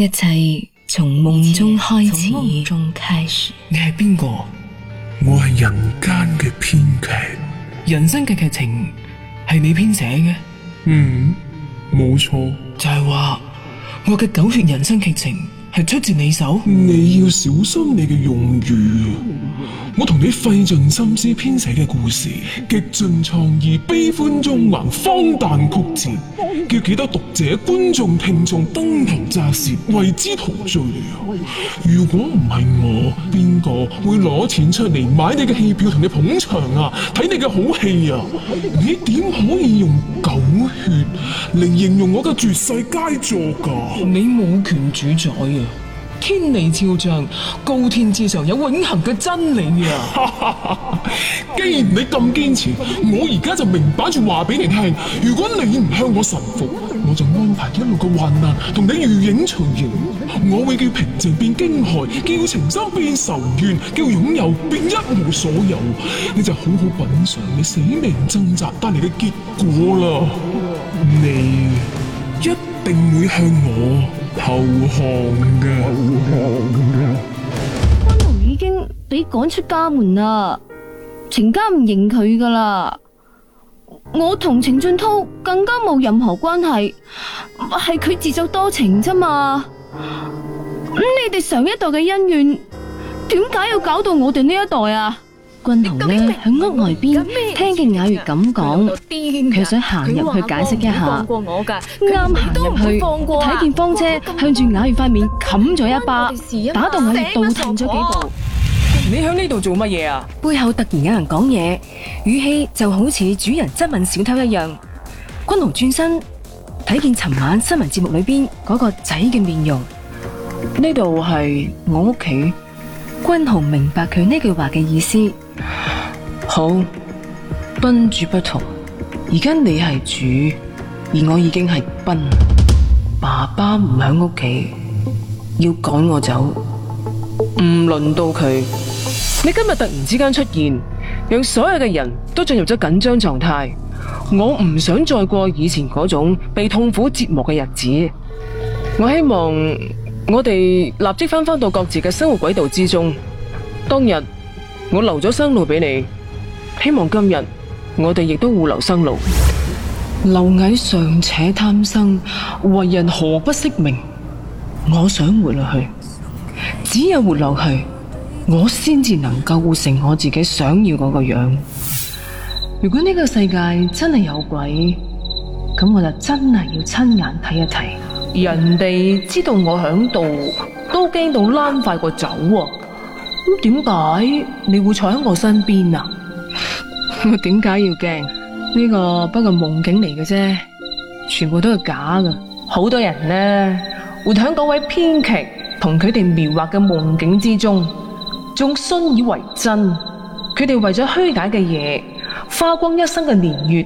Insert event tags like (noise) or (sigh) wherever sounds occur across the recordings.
一切從夢中開始。你係邊個？我係人間嘅編劇。人生嘅劇情係你編寫嘅？嗯，冇錯。就係話我嘅狗血人生劇情係出自你手。你要小心你嘅用語。我同你費盡心思編寫嘅故事，極盡創意，悲歡中橫，荒誕曲折，叫幾多讀者、觀眾、聽眾登堂乍舌，為之陶醉啊！如果唔係我，邊個會攞錢出嚟買你嘅戲票同你捧場啊？睇你嘅好戲啊！你點可以用狗血嚟形容我嘅絕世佳作㗎？你冇權主宰啊！天理昭彰，高天之上有永恆嘅真理啊！ (laughs) 既然你咁堅持，我而家就明擺住話俾你聽：如果你唔向我臣服，我就安排一路嘅患難同你如影隨形。我會叫平靜變驚駭，叫情深變仇怨，叫擁有變一無所有。你就好好品嘗你死命掙扎帶嚟嘅結果啦！你一定會向我投降嘅。俾趕出家門啦，程家唔認佢噶啦。我同程俊濤更加冇任何關係，係佢自作多情咋嘛？咁你哋上一代嘅恩怨，點解要搞到我哋呢一代啊？君彤呢，響屋外邊不聽見雅月咁講，佢想行入去解釋一下。佢話過我噶，啱行入去，睇見方車向住雅月塊面冚咗一巴，啊、打到我哋倒退咗幾步。你喺呢度做乜嘢啊？背後突然有人講嘢，語氣就好似主人質問小偷一樣。君豪轉身睇見尋晚新聞節目裏邊嗰個仔嘅面容。呢度係我屋企。君豪明白佢呢句話嘅意思。好，賓主不同，而家你係主，而我已經係賓。爸爸唔喺屋企，要趕我走，唔輪到佢。你今日突然之間出現，讓所有嘅人都進入咗緊張狀態。我唔想再過以前嗰種被痛苦折磨嘅日子。我希望我哋立即返返到各自嘅生活軌道之中。當日我留咗生路俾你，希望今日我哋亦都互留生路。螻蟻尚且貪生，為人何不惜命？我想活落去，只有活落去。我先至能夠活成我自己想要嗰個樣。如果呢個世界真係有鬼，咁我就真係要親眼睇一睇。人哋知道我響度，都驚到躝快過走。咁點解你會坐喺我身邊啊？我點解要驚呢？呢個不過夢境嚟嘅啫，全部都係假㗎。好多人咧活喺嗰位編劇同佢哋描畫嘅夢境之中，仲信以為真，佢哋為咗虛假嘅嘢，花光一生嘅年月，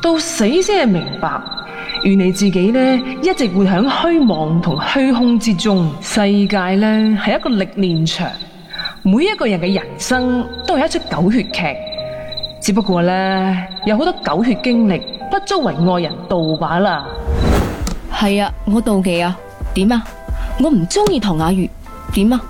到死先係明白。而你自己咧，一直活喺虛妄同虛空之中。世界咧係一個歷練場，每一個人嘅人生都係一出狗血劇。只不過咧，有好多狗血經歷，不足為外人道罷啦。係啊，我妒忌啊，點啊？我唔中意唐雅月，點啊？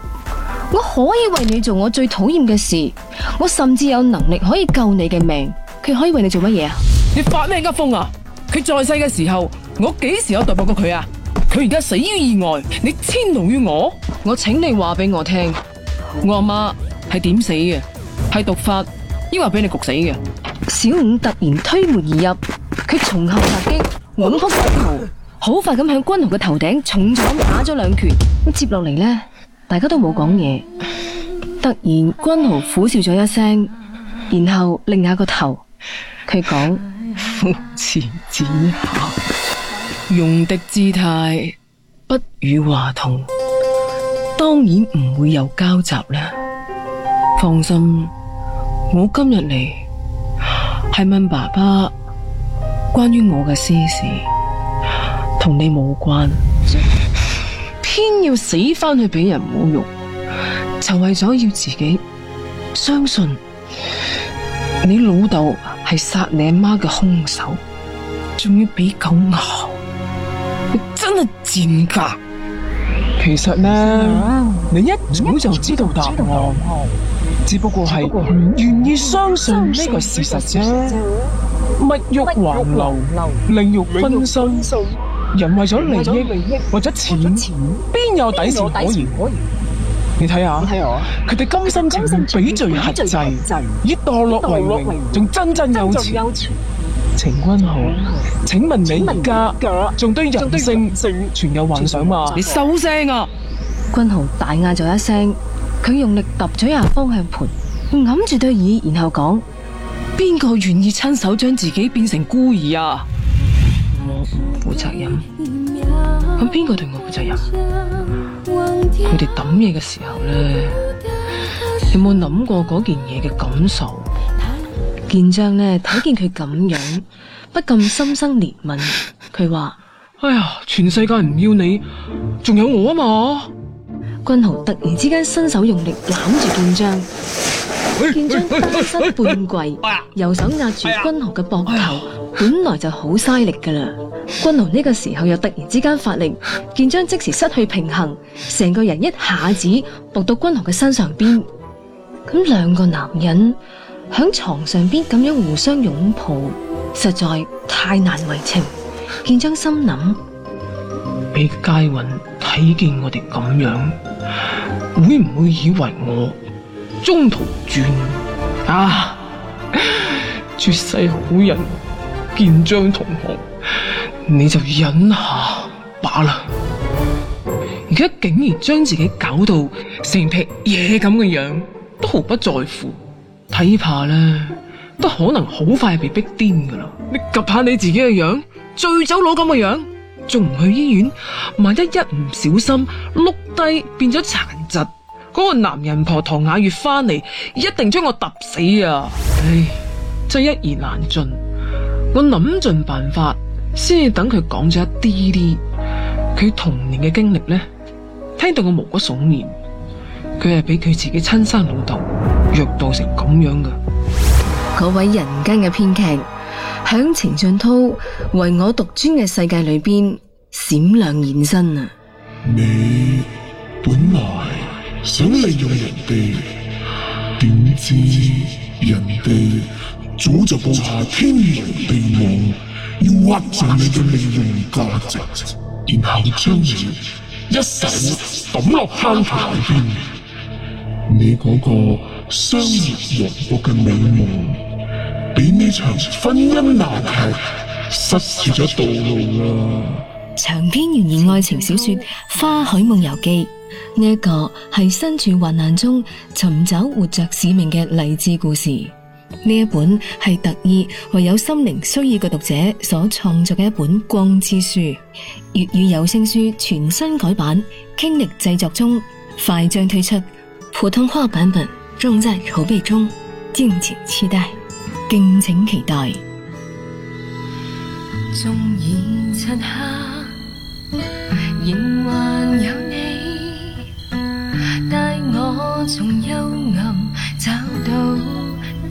我可以為你做我最討厭嘅事，我甚至有能力可以救你嘅命。佢可以為你做乜嘢啊？你發咩噏風啊？佢在世嘅時候，我幾時有待薄過佢啊？佢而家死於意外，你遷怒於我？我請你話俾我聽，我阿媽係點死嘅？係毒發，抑或俾你焗死嘅？小五突然推門而入，佢從後襲擊，穩翻個頭，不好快咁向君豪嘅頭頂重重咁打咗兩拳。咁接落嚟咧。大家都冇講嘢，突然君豪苦笑咗一聲，然後擰下個頭，佢講：父 (laughs) 慈子孝，用敵姿態，不與話同，當然唔會有交集啦。放心，我今日嚟係問爸爸關於我嘅私事，同你冇關。要死翻去俾人侮辱，就為咗要自己相信你老豆係殺你阿媽嘅凶手，仲要俾狗咬，你真係賤格。其實呢，你一早就知道答案，只不過係唔願意相信呢個事實啫。物欲橫流，令欲分身。人為咗利益，為咗錢，邊有底線可言？你睇下，佢哋甘心情比罪克制，以墮落為榮，仲真真有錢。程君豪，請問你家仲對人性存有幻想嗎？你收聲啊！君豪大嗌咗一聲，佢用力揼咗一下方向盤，揞住對耳，然後講：邊個願意親手將自己變成孤兒啊？責任，咁邊個對我負責任？佢哋抌嘢嘅時候咧，有冇諗過嗰件嘢嘅感受？建章咧睇見佢咁樣，不禁心生憐憫。佢話：哎呀，全世界唔要你，仲有我啊嘛！君豪突然之間伸手用力攬住建章，建章屈膝半跪，右手壓住君豪嘅膊頭。本來就好嘥力噶啦，君豪呢個時候又突然之間發力，建章即時失去平衡，成個人一下子撲到君豪嘅身上邊。咁兩個男人響床上邊咁樣互相擁抱，實在太難為情。建章心諗：俾佳韻睇見我哋咁樣，會唔會以為我中途轉啊？絕世好人。建章同學，你就忍下罷啦。而家竟然將自己搞到成劈嘢咁嘅樣，都毫不在乎，睇怕咧都可能好快被逼癲噶啦。你及下你自己嘅樣，醉酒佬咁嘅樣，仲唔去醫院？萬一一唔小心碌低變咗殘疾，嗰個男人婆唐雅月翻嚟，一定將我揼死啊！唉，真係一言難盡。我諗盡辦法，先等佢講咗一啲啲佢童年嘅經歷咧，聽到我毛骨悚然。佢係俾佢自己親生老豆虐待成咁樣噶。嗰位人間嘅編劇，響程俊濤唯我獨尊嘅世界裏邊閃亮現身啊！你本來想利用人哋，點知人哋？早就布下天羅地網，要挖盡你嘅利用價值，然後將你一手抌落坑口邊。你嗰、那個商業王國嘅美夢，俾呢場婚姻鬧劇失去咗道路啦、啊。長篇懸疑愛情小說《花海夢遊記》，呢、這、一個係身處患難中尋找活着使命嘅勵志故事。呢一本係特意為有心靈需要嘅讀者所創作嘅一本光之書，粵語有聲書全新改版，傾力製作中，快將推出普通話版本，正在籌備中，敬請期待，敬請期待。縱然漆黑，仍還有你帶我從幽暗找到，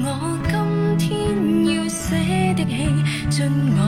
我今天要寫的戲，盡我。